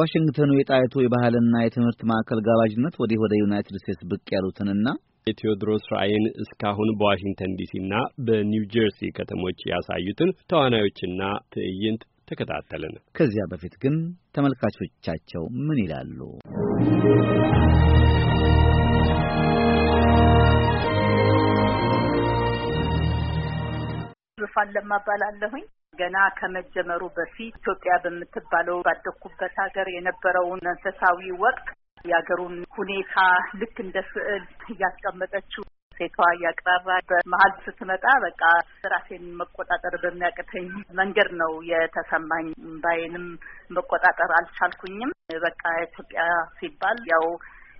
ከዋሽንግተኑ የጣይቱ የባህልና የትምህርት ማዕከል ጋባዥነት ወዲህ ወደ ዩናይትድ ስቴትስ ብቅ ያሉትንና የቴዎድሮስ ራእይን እስካሁን በዋሽንግተን ዲሲና በኒው ጀርሲ ከተሞች ያሳዩትን ተዋናዮችና ትዕይንት ተከታተልን። ከዚያ በፊት ግን ተመልካቾቻቸው ምን ይላሉ? ዙፋን ገና ከመጀመሩ በፊት ኢትዮጵያ በምትባለው ባደግኩበት ሀገር የነበረውን መንፈሳዊ ወቅት የሀገሩን ሁኔታ ልክ እንደ ስዕል እያስቀመጠችው ሴቷ እያቅራራ በመሀል ስትመጣ በቃ ራሴን መቆጣጠር በሚያቅተኝ መንገድ ነው የተሰማኝ። ባይንም መቆጣጠር አልቻልኩኝም። በቃ ኢትዮጵያ ሲባል ያው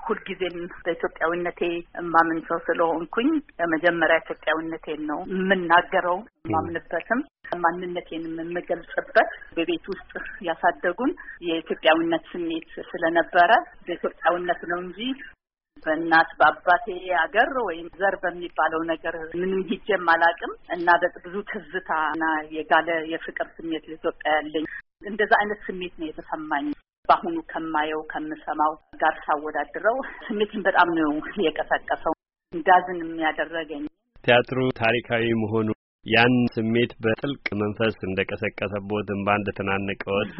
ሁልጊዜም በኢትዮጵያዊነቴ የማምን ሰው ስለሆንኩኝ የመጀመሪያ ኢትዮጵያዊነቴን ነው የምናገረው የማምንበትም ማንነቴንም የምገልጽበት በቤት ውስጥ ያሳደጉን የኢትዮጵያዊነት ስሜት ስለነበረ በኢትዮጵያዊነት ነው እንጂ በእናት በአባቴ ሀገር ወይም ዘር በሚባለው ነገር ምንም ሂጄም አላውቅም እና ብዙ ትዝታና የጋለ የፍቅር ስሜት ለኢትዮጵያ ያለኝ እንደዛ አይነት ስሜት ነው የተሰማኝ። በአሁኑ ከማየው ከምሰማው ጋር ሳወዳድረው ስሜትን በጣም ነው የቀሰቀሰው፣ እንዳዝን የሚያደረገኝ ቲያትሩ ታሪካዊ መሆኑ ያን ስሜት በጥልቅ መንፈስ እንደቀሰቀሰቦት እንባ እንደተናነቀዎት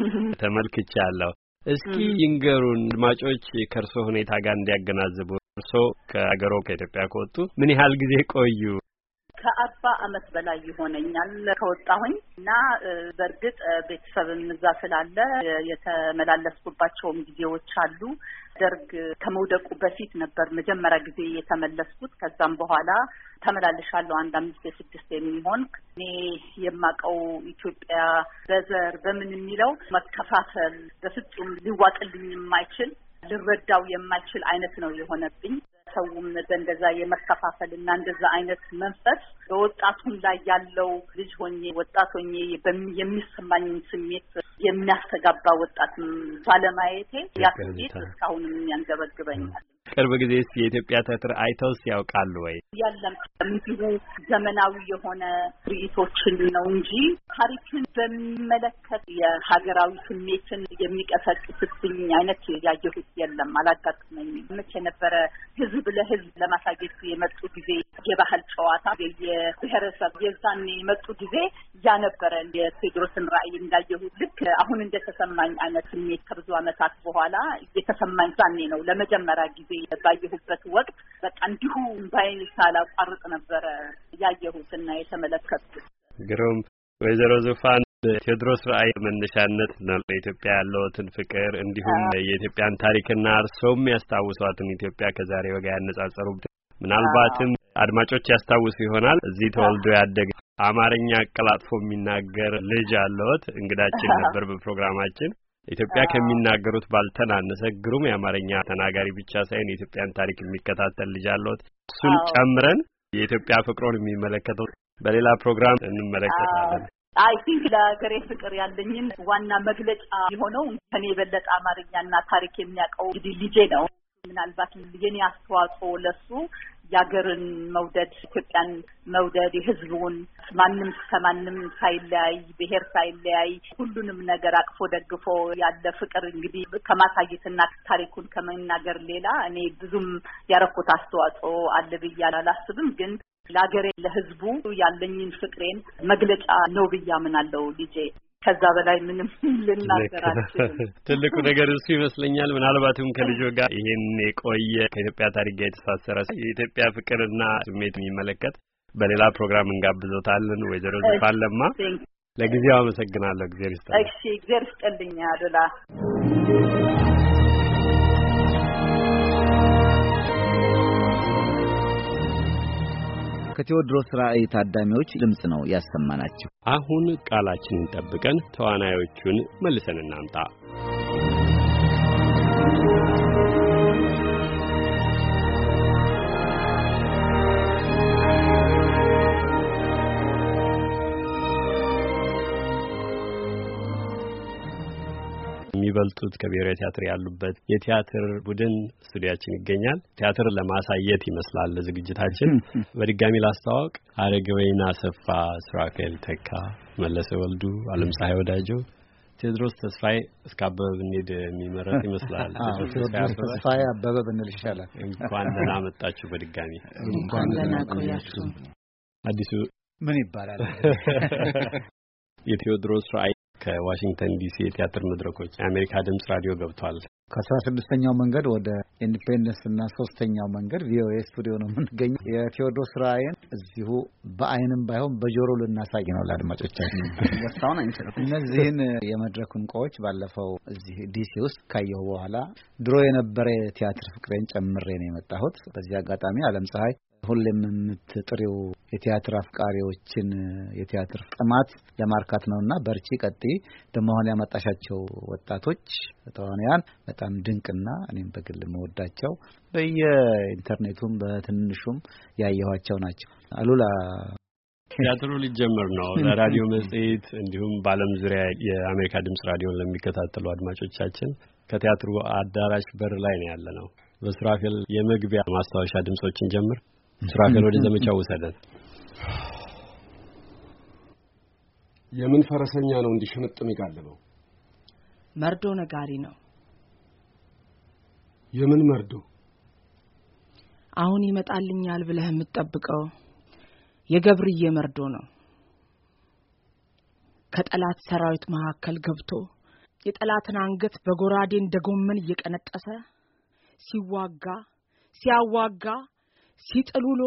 ተመልክቻለሁ። እስኪ ይንገሩን አድማጮች ከእርሶ ሁኔታ ጋር እንዲያገናዝቡ። እርሶ ከአገሮ ከኢትዮጵያ ከወጡ ምን ያህል ጊዜ ቆዩ? ከአርባ አመት በላይ ይሆነኛል ከወጣሁኝ እና በእርግጥ ቤተሰብም እዛ ስላለ የተመላለስኩባቸውም ጊዜዎች አሉ። ደርግ ከመውደቁ በፊት ነበር መጀመሪያ ጊዜ የተመለስኩት። ከዛም በኋላ ተመላልሻለሁ አንድ አምስት የስድስት የሚሆን እኔ የማውቀው ኢትዮጵያ በዘር በምን የሚለው መከፋፈል በፍጹም ሊዋጥልኝ የማይችል ልረዳው የማልችል አይነት ነው የሆነብኝ። ሰውም በእንደዛ የመከፋፈል እና እንደዛ አይነት መንፈስ በወጣቱም ላይ ያለው ልጅ ሆኜ ወጣት ሆኜ የሚሰማኝን ስሜት የሚያስተጋባ ወጣትም ባለማየቴ ያ ስሜት እስካሁንም ያንገበግበኛል። ቅርብ ስ የኢትዮጵያ ትያትር አይተውስ ያውቃሉ ወይ? የለም እንዲሁ ዘመናዊ የሆነ ትርኢቶችን ነው እንጂ ታሪክን በሚመለከት የሀገራዊ ስሜትን የሚቀሰቅስብኝ አይነት ያየሁት የለም፣ አላጋጥመኝም። መቼ ነበረ ህዝብ ለህዝብ ለማሳየት የመጡ ጊዜ የባህል ጨዋታ የብሔረሰብ የዛን የመጡ ጊዜ ያነበረን ነበረ የቴዎድሮስን ራዕይ እንዳየሁት ልክ አሁን እንደተሰማኝ አይነት ስሜት ከብዙ ዓመታት በኋላ የተሰማኝ ዛኔ ነው ለመጀመሪያ ጊዜ ባየሁበት ወቅት በቃ እንዲሁ ባይን ሳላቋርጥ ነበረ ያየሁት እና የተመለከትኩት። ግሩም ወይዘሮ ዙፋን ቴዎድሮስ ራእይ መነሻነት ነው ለኢትዮጵያ ያለውትን ፍቅር እንዲሁም የኢትዮጵያን ታሪክና እርስዎም ያስታውሷትን ኢትዮጵያ ከዛሬ ወጋ ያነጻጸሩ ምናልባትም አድማጮች ያስታውሱ ይሆናል እዚህ ተወልዶ ያደገ አማርኛ አቀላጥፎ የሚናገር ልጅ አለዎት። እንግዳችን ነበር በፕሮግራማችን። ኢትዮጵያ ከሚናገሩት ባልተናነሰ ግሩም የአማርኛ ተናጋሪ ብቻ ሳይሆን የኢትዮጵያን ታሪክ የሚከታተል ልጅ አለዎት። እሱን ጨምረን የኢትዮጵያ ፍቅሮን የሚመለከተው በሌላ ፕሮግራም እንመለከታለን። አይ ቲንክ ለሀገሬ ፍቅር ያለኝን ዋና መግለጫ የሆነው ከኔ የበለጠ አማርኛና ታሪክ የሚያውቀው እንግዲህ ልጄ ነው። ምናልባት የኔ አስተዋጽኦ ለሱ የሀገርን መውደድ፣ ኢትዮጵያን መውደድ፣ የህዝቡን ማንም ከማንም ሳይለያይ ብሔር ሳይለያይ ሁሉንም ነገር አቅፎ ደግፎ ያለ ፍቅር እንግዲህ ከማሳየትና ታሪኩን ከመናገር ሌላ እኔ ብዙም ያረኩት አስተዋጽኦ አለ ብዬ አላስብም። ግን ለሀገሬ ለህዝቡ ያለኝን ፍቅሬን መግለጫ ነው ብዬ አምናለሁ ልጄ ከዛ በላይ ምንም ልናገር ትልቁ ነገር እሱ ይመስለኛል። ምናልባትም ከልጆ ጋር ይህን የቆየ ከኢትዮጵያ ታሪክ ጋር የተሳሰረ የኢትዮጵያ ፍቅርና ስሜት የሚመለከት በሌላ ፕሮግራም እንጋብዞታለን። ወይዘሮ ዘፋን ለማ ለጊዜው አመሰግናለሁ። እግዜር ይስጥልኝ። እሺ፣ እግዜር ይስጥልኝ አሉላ ከቴዎድሮስ ራእይ ታዳሚዎች ድምፅ ነው ያሰማናቸው። አሁን ቃላችንን ጠብቀን ተዋናዮቹን መልሰን እናምጣ። የሚበልጡት ከብሔራዊ ቲያትር ያሉበት የቲያትር ቡድን ስቱዲያችን ይገኛል። ቲያትር ለማሳየት ይመስላል ዝግጅታችን። በድጋሚ ላስተዋወቅ አረገወይን አሰፋ፣ ስራፌል ተካ፣ መለሰ ወልዱ፣ አለም ፀሐይ ወዳጆ ቴድሮስ ተስፋዬ እስከ አበበ ብንሄድ የሚመረጥ ይመስላል። ቴዎድሮስ ተስፋዬ አበበ ብንል ይሻላል። እንኳን ደህና መጣችሁ። በድጋሚ እንኳን ደህና ቆያችሁ። አዲሱ ምን ይባላል? የቴዎድሮስ ራዕይ ከዋሽንግተን ዲሲ የቲያትር መድረኮች የአሜሪካ ድምጽ ራዲዮ ገብቷል። ከአስራ ስድስተኛው መንገድ ወደ ኢንዲፔንደንስ እና ሶስተኛው መንገድ ቪኦኤ ስቱዲዮ ነው የምንገኘው። የቴዎድሮስ ራእይን እዚሁ በአይንም ባይሆን በጆሮ ልናሳይ ነው ለአድማጮቻችን። እነዚህን የመድረክ እንቆዎች ባለፈው እዚህ ዲሲ ውስጥ ካየሁ በኋላ ድሮ የነበረ የቲያትር ፍቅሬን ጨምሬ ነው የመጣሁት። በዚህ አጋጣሚ አለም ፀሐይ ሁሌም የምትጥሪው የቲያትር አፍቃሪዎችን የቲያትር ጥማት ለማርካት እና በርቺ፣ ቀጥይ። ደመሆን ያመጣሻቸው ወጣቶች ተዋንያን በጣም ድንቅና እኔም በግል መወዳቸው በየኢንተርኔቱም በትንሹም ያየኋቸው ናቸው። አሉላ ቲያትሩ ሊጀመር ነው። ለራዲዮ መጽሔት እንዲሁም በዓለም ዙሪያ የአሜሪካ ድምጽ ራዲዮን ለሚከታተሉ አድማጮቻችን ከቲያትሩ አዳራሽ በር ላይ ነው ያለ ነው። በሱራፌል የመግቢያ ማስታወሻ ድምጾችን ጀምር። ስራፌል ወደ ዘመቻው ወሰደን። የምን ፈረሰኛ ነው እንዲሽምጥም የጋለበው? መርዶ ነጋሪ ነው። የምን መርዶ? አሁን ይመጣልኛል ብለህ የምትጠብቀው የገብርዬ መርዶ ነው። ከጠላት ሰራዊት መካከል ገብቶ የጠላትን አንገት በጎራዴ እንደ ጎመን እየቀነጠሰ ሲዋጋ ሲያዋጋ ሲጥል ውሎ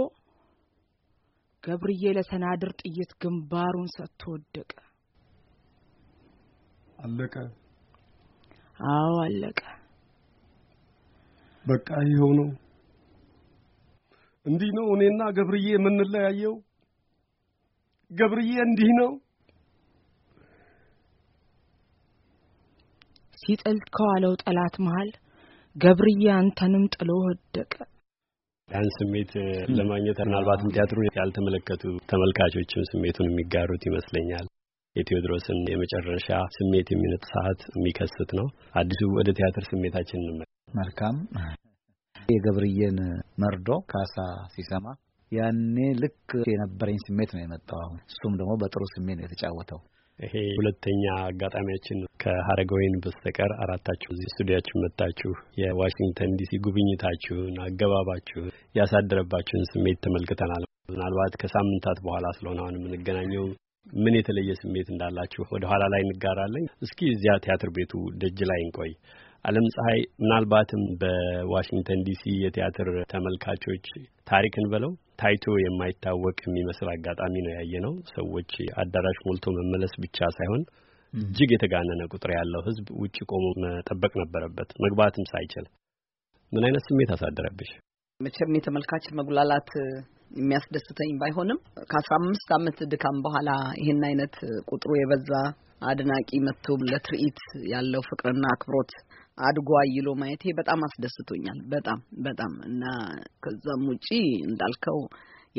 ገብርዬ ለሰናድር ጥይት ግንባሩን ሰጥቶ ወደቀ። አለቀ። አዎ አለቀ። በቃ ይኸው ነው። እንዲህ ነው እኔና ገብርዬ የምንለያየው። ገብርዬ እንዲህ ነው ሲጥል ከዋለው ጠላት መሃል ገብርዬ አንተንም ጥሎ ወደቀ። ያን ስሜት ለማግኘት ምናልባትም ቲያትሩን ያልተመለከቱ ተመልካቾችም ስሜቱን የሚጋሩት ይመስለኛል። የቴዎድሮስን የመጨረሻ ስሜት የሚነጥ ሰዓት የሚከስት ነው። አዲሱ ወደ ቲያትር ስሜታችን እንመ መልካም የገብርዬን መርዶ ካሳ ሲሰማ ያኔ ልክ የነበረኝ ስሜት ነው የመጣው። አሁን እሱም ደግሞ በጥሩ ስሜት ነው የተጫወተው። ይሄ ሁለተኛ አጋጣሚያችን ከሀረገወይን በስተቀር አራታችሁ እዚህ ስቱዲያችሁ መጥታችሁ የዋሽንግተን ዲሲ ጉብኝታችሁን፣ አገባባችሁን ያሳደረባችሁን ስሜት ተመልክተናል። ምናልባት ከሳምንታት በኋላ ስለሆነ አሁን የምንገናኘው ምን የተለየ ስሜት እንዳላችሁ ወደ ኋላ ላይ እንጋራለን። እስኪ እዚያ ቲያትር ቤቱ ደጅ ላይ እንቆይ። አለም ፀሐይ ምናልባትም በዋሽንግተን ዲሲ የቲያትር ተመልካቾች ታሪክን ብለው ታይቶ የማይታወቅ የሚመስል አጋጣሚ ነው ያየ ነው። ሰዎች አዳራሽ ሞልቶ መመለስ ብቻ ሳይሆን እጅግ የተጋነነ ቁጥር ያለው ህዝብ ውጭ ቆሞ መጠበቅ ነበረበት፣ መግባትም ሳይችል። ምን አይነት ስሜት አሳደረብሽ? መቼም የተመልካች መጉላላት የሚያስደስተኝ ባይሆንም ከአስራ አምስት አመት ድካም በኋላ ይህን አይነት ቁጥሩ የበዛ አድናቂ መጥቶ ለትርኢት ያለው ፍቅርና አክብሮት አድጎ አይሎ ማየቴ በጣም አስደስቶኛል። በጣም በጣም እና ከዛም ውጪ እንዳልከው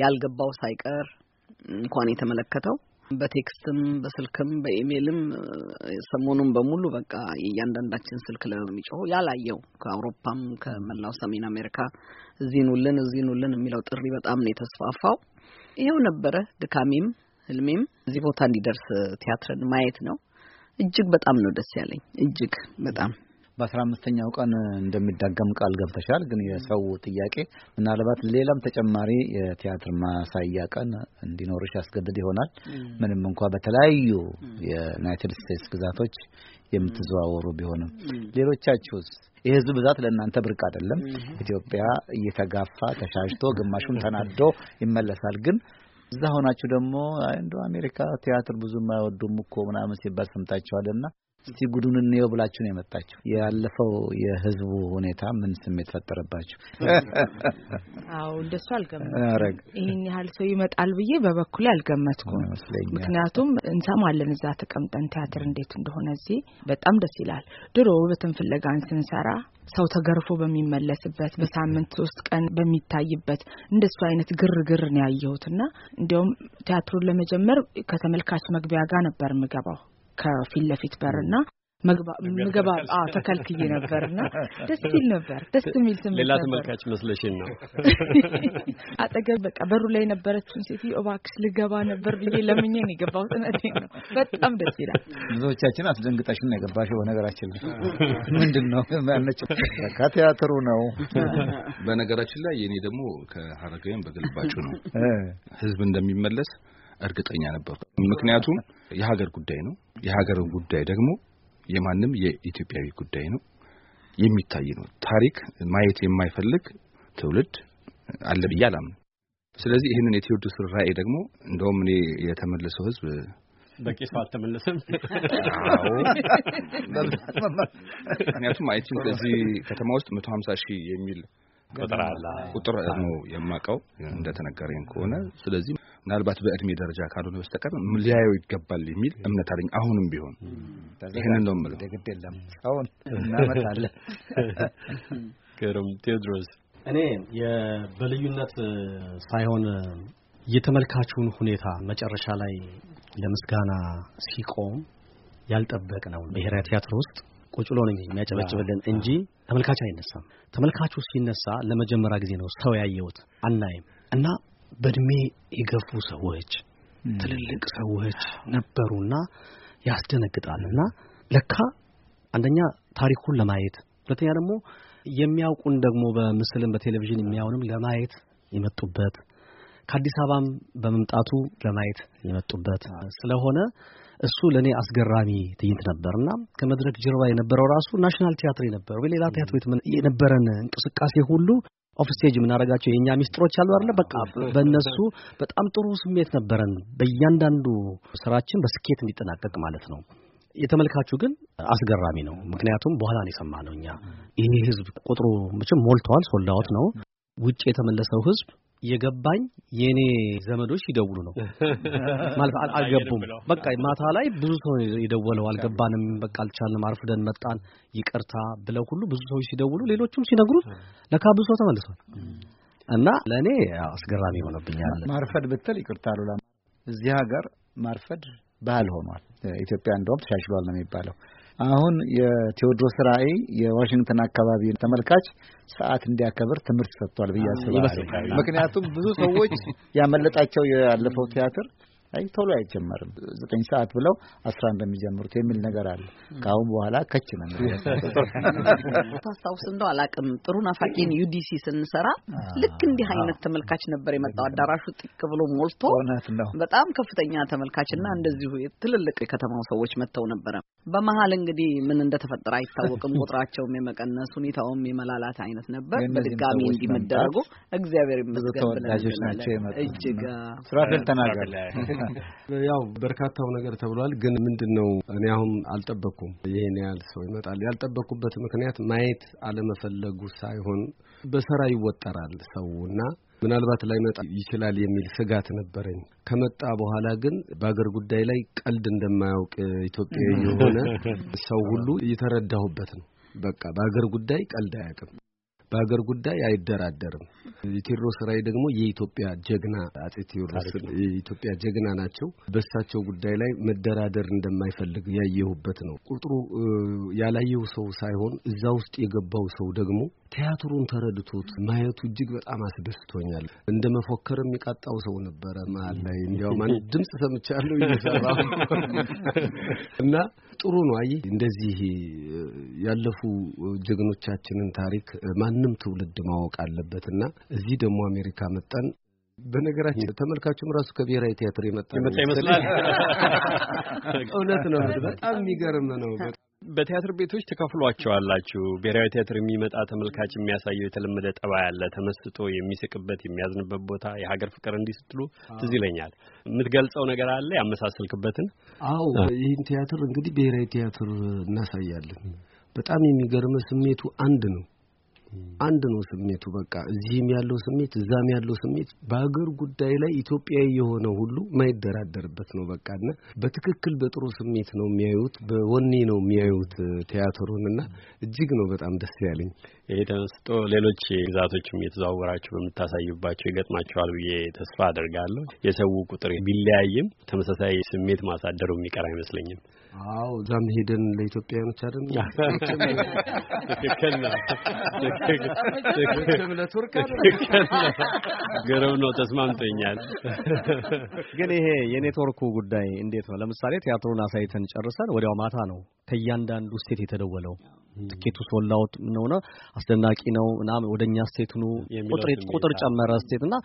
ያልገባው ሳይቀር እንኳን የተመለከተው በቴክስትም በስልክም በኢሜይልም ሰሞኑን በሙሉ በቃ የእያንዳንዳችን ስልክ ለሚጮኸው ያላየው ከአውሮፓም ከመላው ሰሜን አሜሪካ እዚህኑልን እዚህኑልን የሚለው ጥሪ በጣም ነው የተስፋፋው። ይኸው ነበረ ድካሜም ህልሜም እዚህ ቦታ እንዲደርስ ቲያትርን ማየት ነው። እጅግ በጣም ነው ደስ ያለኝ። እጅግ በጣም በአስራ አምስተኛው ቀን እንደሚዳገም ቃል ገብተሻል። ግን የሰው ጥያቄ ምናልባት ሌላም ተጨማሪ የቲያትር ማሳያ ቀን እንዲኖርሽ ያስገድድ ይሆናል። ምንም እንኳ በተለያዩ የዩናይትድ ስቴትስ ግዛቶች የምትዘዋወሩ ቢሆንም ሌሎቻችሁስ? የህዝብ ብዛት ለእናንተ ብርቅ አይደለም። ኢትዮጵያ እየተጋፋ ተሻሽቶ፣ ግማሹን ተናዶ ይመለሳል። ግን እዛ ሆናችሁ ደግሞ እንደው አሜሪካ ቲያትር ብዙ ማይወዱም እኮ ምናምን ሲባል ሰምታችኋልና እስቲ ጉዱን እንየው ብላችሁ ነው የመጣችሁ። ያለፈው የህዝቡ ሁኔታ ምን ስሜት ፈጠረባችሁ? አዎ እንደሱ አልገመትኩም። ይህን ያህል ሰው ይመጣል ብዬ በበኩሌ አልገመትኩም። ምክንያቱም እንሰማለን እዛ ተቀምጠን ቲያትር እንዴት እንደሆነ እዚህ በጣም ደስ ይላል። ድሮ ውበትን ፍለጋን ስንሰራ ሰው ተገርፎ በሚመለስበት በሳምንት ሶስት ቀን በሚታይበት እንደሱ አይነት ግርግር ነው ያየሁትና እንዲያውም ቲያትሩን ለመጀመር ከተመልካች መግቢያ ጋር ነበር የምገባው ከፊት ለፊት በርና ምግባ ተከልክዬ ነበር እና ደስ ይል ነበር። ደስ የሚል ስም ሌላ ተመልካች መስለሽን ነው። አጠገብ በቃ በሩ ላይ የነበረችን ሴት እባክሽ ልገባ ነበር ብዬ ለምኜን የገባው እውነቴን ነው። በጣም ደስ ይላል። ብዙዎቻችን አስደንግጣሽን ነው የገባሽው። በነገራችን ላይ ምንድን ነው ያነች በቃ ቲያትሩ ነው። በነገራችን ላይ የእኔ ደግሞ ከሀረገም በግልባጩ ነው ህዝብ እንደሚመለስ እርግጠኛ ነበርኩ። ምክንያቱም የሀገር ጉዳይ ነው። የሀገር ጉዳይ ደግሞ የማንም የኢትዮጵያዊ ጉዳይ ነው፣ የሚታይ ነው። ታሪክ ማየት የማይፈልግ ትውልድ አለ ብዬ አላምንም። ስለዚህ ይህንን የቴዎድሮስ ራዕይ ደግሞ እንደውም እኔ የተመለሰው ህዝብ በቂሱ አልተመለሰም። ምክንያቱም አይ እዚህ ከተማ ውስጥ መቶ ሀምሳ ሺህ የሚል ቁጥር ነው የማውቀው እንደተነገረኝ ከሆነ ስለዚህ ምናልባት በእድሜ ደረጃ ካልሆነ በስተቀር ሊያየው ይገባል የሚል እምነት አለኝ። አሁንም ቢሆን ይህንን ነው የምለው። ግድ የለም አሁን እናመጣለን። ቴዎድሮስ፣ እኔ በልዩነት ሳይሆን የተመልካቹን ሁኔታ መጨረሻ ላይ ለምስጋና ሲቆም ያልጠበቅ ነው ብሔራዊ ቲያትር ውስጥ ቁጭ ብሎ ነው የሚያጨበጭብልን እንጂ ተመልካች አይነሳም። ተመልካቹ ሲነሳ ለመጀመሪያ ጊዜ ነው ሰው ያየውት አናይም እና በእድሜ የገፉ ሰዎች ትልልቅ ሰዎች ነበሩና ያስደነግጣል እና ለካ አንደኛ ታሪኩን ለማየት ሁለተኛ ደግሞ የሚያውቁን ደግሞ በምስልም በቴሌቪዥን የሚያውንም ለማየት የመጡበት ከአዲስ አበባም በመምጣቱ ለማየት የመጡበት ስለሆነ እሱ ለእኔ አስገራሚ ትዕይንት ነበር እና ከመድረክ ጀርባ የነበረው ራሱ ናሽናል ቲያትር የነበረው ወይ ሌላ ቲያትር ቤት የነበረን እንቅስቃሴ ሁሉ ኦፍ ስቴጅ የምናደርጋቸው የእኛ ሚስጥሮች አሉ አይደለ? በቃ በእነሱ በጣም ጥሩ ስሜት ነበረን። በእያንዳንዱ ስራችን በስኬት እንዲጠናቀቅ ማለት ነው። የተመልካቹ ግን አስገራሚ ነው። ምክንያቱም በኋላ ነው የሰማነው እኛ ይሄ ህዝብ ቁጥሩ መቼም ሞልቷል፣ ሶልዳውት ነው። ውጭ የተመለሰው ህዝብ የገባኝ የእኔ ዘመዶች ይደውሉ ነው ማለት አልገቡም። በቃ ማታ ላይ ብዙ ሰው የደወለው አልገባንም፣ በቃ አልቻልንም፣ አርፍደን መጣን፣ ይቅርታ ብለው ሁሉ ብዙ ሰዎች ሲደውሉ፣ ሌሎቹም ሲነግሩት ለካ ብዙ ሰው ተመልሷል እና ለእኔ አስገራሚ ሆነብኛል። ማርፈድ ብትል ይቅርታ አሉላ እዚህ ሀገር ማርፈድ ባህል ሆኗል። ኢትዮጵያ እንደውም ተሻሽሏል ነው የሚባለው። አሁን የቴዎድሮስ ራእይ የዋሽንግተን አካባቢ ተመልካች ሰዓት እንዲያከብር ትምህርት ሰጥቷል ብዬ አስባለሁ። ምክንያቱም ብዙ ሰዎች ያመለጣቸው ያለፈው ቲያትር አይ ቶሎ አይጀመርም ዘጠኝ ሰዓት ብለው አስራ አንድ የሚጀምሩት የሚል ነገር አለ። ከአሁን በኋላ ከች ነው ታስታውስ እንደው አላውቅም። ጥሩ ናፋቂን ዩዲሲ ስንሰራ ልክ እንዲህ አይነት ተመልካች ነበር የመጣው። አዳራሹ ጥቅ ብሎ ሞልቶ በጣም ከፍተኛ ተመልካችና እንደዚሁ ትልልቅ የከተማው ሰዎች መጥተው ነበረ። በመሀል እንግዲህ ምን እንደተፈጠረ አይታወቅም። ቁጥራቸውም የመቀነስ ሁኔታውም የመላላት አይነት ነበር። በድጋሚ እንዲመደረጉ እግዚአብሔር ይመስገን ብለን እጅግ ያው በርካታው ነገር ተብሏል። ግን ምንድን ነው እኔ አሁን አልጠበቅኩም ይህን ያህል ሰው ይመጣል። ያልጠበቅኩበት ምክንያት ማየት አለመፈለጉ ሳይሆን በሰራ ይወጠራል ሰው እና ምናልባት ላይመጣ ይችላል የሚል ስጋት ነበረኝ። ከመጣ በኋላ ግን በአገር ጉዳይ ላይ ቀልድ እንደማያውቅ ኢትዮጵያዊ የሆነ ሰው ሁሉ እየተረዳሁበት ነው። በቃ በአገር ጉዳይ ቀልድ አያውቅም። በሀገር ጉዳይ አይደራደርም። የቴዎድሮስ ራዕይ ደግሞ የኢትዮጵያ ጀግና አጼ ቴዎድሮስ የኢትዮጵያ ጀግና ናቸው። በእሳቸው ጉዳይ ላይ መደራደር እንደማይፈልግ ያየሁበት ነው። ቁጥሩ ያላየው ሰው ሳይሆን እዛ ውስጥ የገባው ሰው ደግሞ ቲያትሩን ተረድቶት ማየቱ እጅግ በጣም አስደስቶኛል። እንደ መፎከር የሚቃጣው ሰው ነበረ መሀል ላይ እንዲያውም አንድ ድምፅ ሰምቻለሁ እየሰራ እና ጥሩ ነው። አይ እንደዚህ ያለፉ ጀግኖቻችንን ታሪክ ማንም ትውልድ ማወቅ አለበት እና እዚህ ደግሞ አሜሪካ መጣን። በነገራችን ተመልካቹም ራሱ ከብሔራዊ ቲያትር የመጣ ይመስላል። እውነት ነው። በጣም የሚገርም ነው። በቲያትር ቤቶች ተከፍሏቸዋላችሁ። ብሔራዊ ቲያትር የሚመጣ ተመልካች የሚያሳየው የተለመደ ጠባ ያለ ተመስጦ የሚስቅበት የሚያዝንበት ቦታ የሀገር ፍቅር እንዲስትሉ ትዝ ይለኛል። የምትገልጸው ነገር አለ ያመሳሰልክበትን? አዎ ይህን ቲያትር እንግዲህ ብሔራዊ ቲያትር እናሳያለን። በጣም የሚገርመ ስሜቱ አንድ ነው። አንድ ነው ስሜቱ። በቃ እዚህም ያለው ስሜት እዛም ያለው ስሜት በሀገር ጉዳይ ላይ ኢትዮጵያዊ የሆነ ሁሉ የማይደራደርበት ነው። በቃ ና በትክክል በጥሩ ስሜት ነው የሚያዩት፣ በወኔ ነው የሚያዩት ቲያትሩን እና እጅግ ነው በጣም ደስ ያለኝ ይሄ ተመስጦ። ሌሎች ግዛቶችም እየተዘዋወራችሁ በምታሳዩባቸው ይገጥማቸዋል ብዬ ተስፋ አደርጋለሁ። የሰው ቁጥር ቢለያይም ተመሳሳይ ስሜት ማሳደሩ የሚቀር አይመስለኝም። አዎ እዛም ሄደን ለኢትዮጵያውያኖች አይደል? ትክክል ነው። ገረብ ነው። ተስማምተኛል። ግን ይሄ የኔትወርኩ ጉዳይ እንዴት ነው? ለምሳሌ ቲያትሩን አሳይተን ጨርሰን ወዲያው ማታ ነው ከእያንዳንዱ ስቴት የተደወለው ትኬቱ ሶላውት ምን አስደናቂ ነው ምናምን ወደኛ ስቴት ኑ ቁጥር ጨመረ ስቴት እና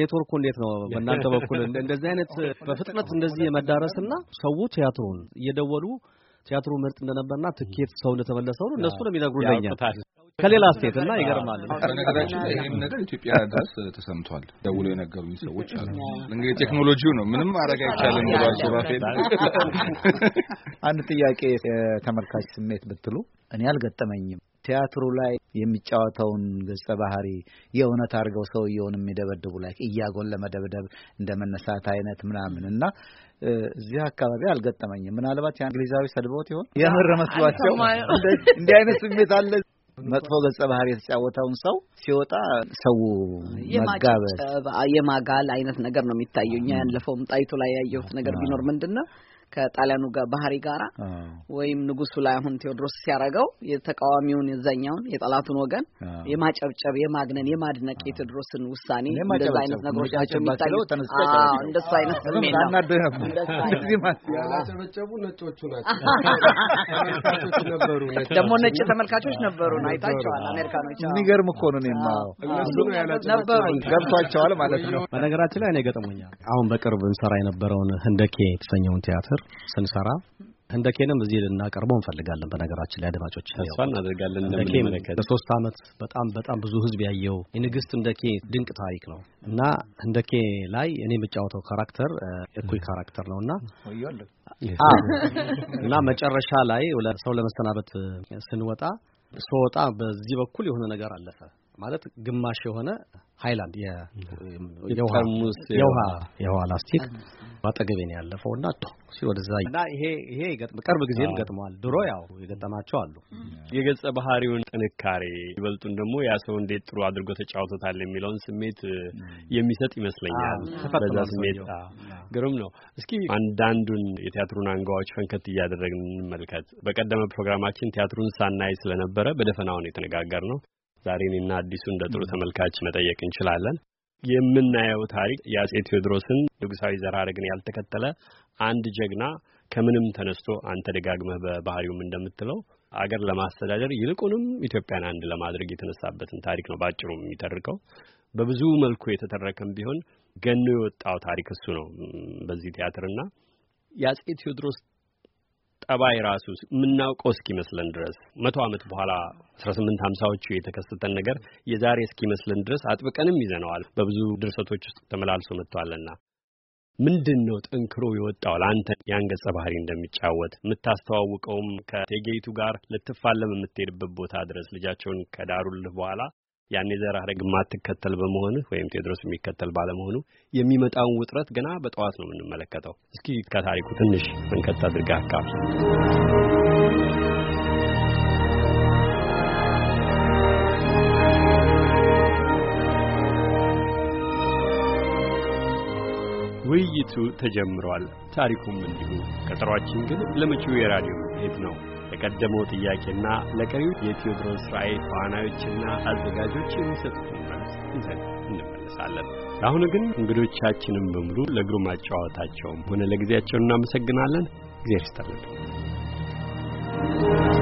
ኔትወርኩ እንዴት ነው በእናንተ በኩል እንደዚህ አይነት በፍጥነት እንደዚህ የመዳረስና ሰው ቲያትሩን እየደወሉ ቲያትሩ ምርጥ እንደነበርና ትኬት ሰው እንደተመለሰው ነው እነሱ ነው የሚነግሩልኛል ከሌላ ስቴት እና ይገርማል። ነገራችን ላይ ይሄን ነገር ኢትዮጵያ ድረስ ተሰምቷል። ደውሎ የነገሩኝ ሰዎች አሉ። እንግዲህ ቴክኖሎጂው ነው ምንም ማድረግ አይቻልም። ብሏል ራፌል አንድ ጥያቄ የተመልካች ስሜት ብትሉ እኔ አልገጠመኝም። ቲያትሩ ላይ የሚጫወተውን ገጸ ባህሪ የእውነት አድርገው ሰውየውን የሚደበድቡ ላይ እያጎን ለመደብደብ እንደ መነሳት አይነት ምናምን እና እዚህ አካባቢ አልገጠመኝም። ምናልባት የእንግሊዛዊ ሰድቦት ይሆን የምር መስሏቸው እንዲህ አይነት ስሜት አለ። መጥፎ ገጸ ባህሪ የተጫወተውን ሰው ሲወጣ ሰው መጋበዝ የማጋል አይነት ነገር ነው የሚታየው። እኛ ያለፈውም ጣይቱ ላይ ያየሁት ነገር ቢኖር ምንድን ነው ከጣሊያኑ ባህሪ ጋራ ወይም ንጉሱ ላይ አሁን ቴዎድሮስ ሲያረገው የተቃዋሚውን የዛኛውን የጠላቱን ወገን የማጨብጨብ የማግነን የማድነቅ የቴዎድሮስን ውሳኔ እንደዛ አይነት ነገሮች ናቸው የሚታዩት። እንደሱ አይነት ስሜት ነጮቹ ናቸው። ደግሞ ነጭ ተመልካቾች ነበሩን፣ አይታቸዋል። አሜሪካኖች የሚገርም እኮ ነው ነበሩ፣ ገብቷቸዋል ማለት ነው። በነገራችን ላይ እኔ ገጠሞኛል። አሁን በቅርብ እንሰራ የነበረውን ህንደኬ የተሰኘውን ቲያትር ጭምር ስንሰራ ህንደኬንም እዚህ ልናቀርበው እንፈልጋለን። በነገራችን ላይ አድማጮች ተስፋ እናደርጋለን። በሶስት ዓመት በጣም በጣም ብዙ ህዝብ ያየው የንግስት ህንደኬ ድንቅ ታሪክ ነው እና ህንደኬ ላይ እኔ የምጫወተው ካራክተር እኩይ ካራክተር ነው እና እና መጨረሻ ላይ ሰው ለመሰናበት ስንወጣ ስወጣ በዚህ በኩል የሆነ ነገር አለፈ ማለት ግማሽ የሆነ ሃይላንድ የውሃ የውሃ ላስቲክ አጠገቤን ያለፈው እና ወደዛ እና ይሄ ይሄ ቅርብ ጊዜም ገጥመዋል። ድሮ ያው የገጠማቸው አሉ። የገጸ ባህሪውን ጥንካሬ ይበልጡን ደግሞ ያ ሰው እንዴት ጥሩ አድርጎ ተጫውቶታል የሚለውን ስሜት የሚሰጥ ይመስለኛል። በዛ ስሜት ግሩም ነው። እስኪ አንዳንዱን የቲያትሩን አንጓዎች ፈንከት እያደረግን እንመልከት። በቀደመ ፕሮግራማችን ቲያትሩን ሳናይ ስለነበረ በደፈናው ነው የተነጋገር ነው። ዛሬ እኔና አዲሱ እንደ ጥሩ ተመልካች መጠየቅ እንችላለን። የምናየው ታሪክ የአጼ ቴዎድሮስን ንጉሳዊ ዘራረግን ያልተከተለ አንድ ጀግና ከምንም ተነስቶ አንተ ደጋግመህ በባህሪውም እንደምትለው አገር ለማስተዳደር ይልቁንም ኢትዮጵያን አንድ ለማድረግ የተነሳበትን ታሪክ ነው በአጭሩ የሚተርከው። በብዙ መልኩ የተተረከም ቢሆን ገኖ የወጣው ታሪክ እሱ ነው በዚህ ቲያትርና የአጼ ቴዎድሮስ ጠባይ ራሱ የምናውቀው እስኪመስለን ድረስ መቶ ዓመት በኋላ 1850ዎቹ የተከሰተን ነገር የዛሬ እስኪመስለን ድረስ አጥብቀንም ይዘነዋል። በብዙ ድርሰቶች ውስጥ ተመላልሶ መጥቷልና ምንድን ነው ጠንክሮ የወጣው ለአንተ ያን ገጸ ባህሪ እንደሚጫወት የምታስተዋውቀውም ከቴጌይቱ ጋር ልትፋለም የምትሄድበት ቦታ ድረስ ልጃቸውን ከዳሩልህ በኋላ ያን የዘር ሐረግ የማትከተል በመሆንህ ወይም ቴዎድሮስ የሚከተል ባለመሆኑ የሚመጣውን ውጥረት ገና በጠዋት ነው የምንመለከተው። እስኪ ከታሪኩ ትንሽ መንከት አድርጋ አካፍል። ውይይቱ ተጀምሯል። ታሪኩም እንዲሁ ቀጠሯችን ግን ለመጪው የራዲዮ መጽሔት ነው። ለቀደመው ጥያቄና ለቀሪው የቴዎድሮስ ራእይ ተዋናዮችና አዘጋጆች የሚሰጡትን መልስ ይዘን እንመለሳለን። አሁን ግን እንግዶቻችንን በሙሉ ለግሩም ማጫወታቸውም ሆነ ለጊዜያቸው እናመሰግናለን። እግዚአብሔር ይስጥልን።